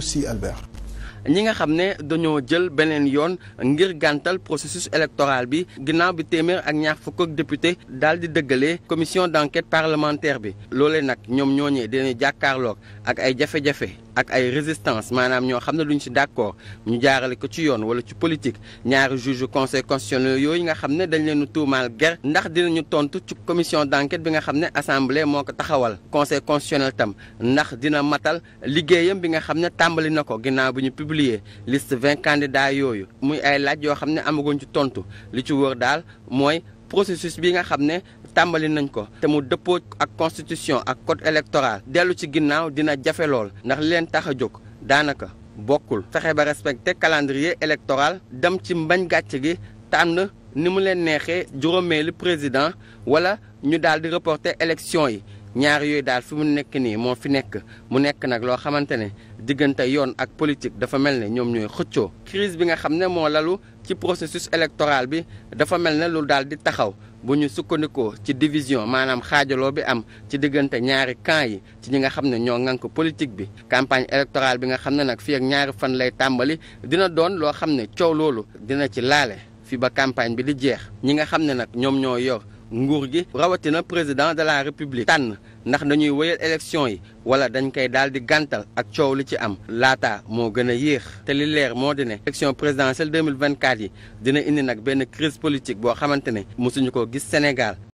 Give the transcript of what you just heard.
si Albert. ñi nga xam ne dañoo jël beneen yoon ngir gàntal processus électoral bi ginnaaw bi téeméer ak ñaar fukk ak député daal di dëggalee commission d' enquête parlementaire bi loole nag ñoom ñooñee dina jàkkaarloog ak ay jafe-jafe ak ay résistance maanaam ñoo xam ne duñ ci d'accord ñu jaarale ko ci yoon wala ci politique ñaari juge conseil constitutionnel yooyu nga xam ne dañ leen tuumaal ger ndax dinañu tontu ci commission d'enquête bi nga xam ne assemblée moo ko taxawal conseil constitutionnel tam ndax dina matal liggéeyam bi nga xam ne tàmbali na ko ginnaaw bi ñu publier liste vingt candidats yooyu muy ay laaj yoo xam ne amaguñ ci tontu li ci wër daal mooy processus bi nga xam ne tàmbali nañ ko te mu dëppoo ak constitution ak code électoral dellu ci ginnaaw dina jafe lool ndax li leen tax a jóg daanaka bokkul fexe ba respecté calendrier électoral dem ci mbañ gàcce gi tànn ni mu leen neexee juróomeelu président wala ñu daal di reporter élection yi ñaari yooyu daal fi mu nekk nii moo fi nekk mu nekk nag loo xamante ne diggante yoon ak politique dafa mel ne ñoom ñooy xëccoo. crise bi nga xam ne moo lalu ci processus électoral bi dafa mel ne lu daal di taxaw bu ñu sukkandikoo ci division maanaam xaajaloo bi am ci diggante ñaari camp yi ci ñi nga xam ne ñoo ŋànk politique bi. campagne électorale bi nga xam ne nag fii ak ñaari fan lay tàmbali dina doon loo xam ne coow loolu dina ci laale fi ba campagne bi di jeex ñi nga xam ne nag ñoom ñoo yor. nguur gi rawatina président de la république tànn ndax nañuy wéyal élection yi wala dañ koy daal di gàntal ak coow li ci am laata moo gën a yéex te li leer moo di ne élection présidentielle 2024 yi dina indi nag benn crise politique boo xamante ne mosuñu ko gis Sénégal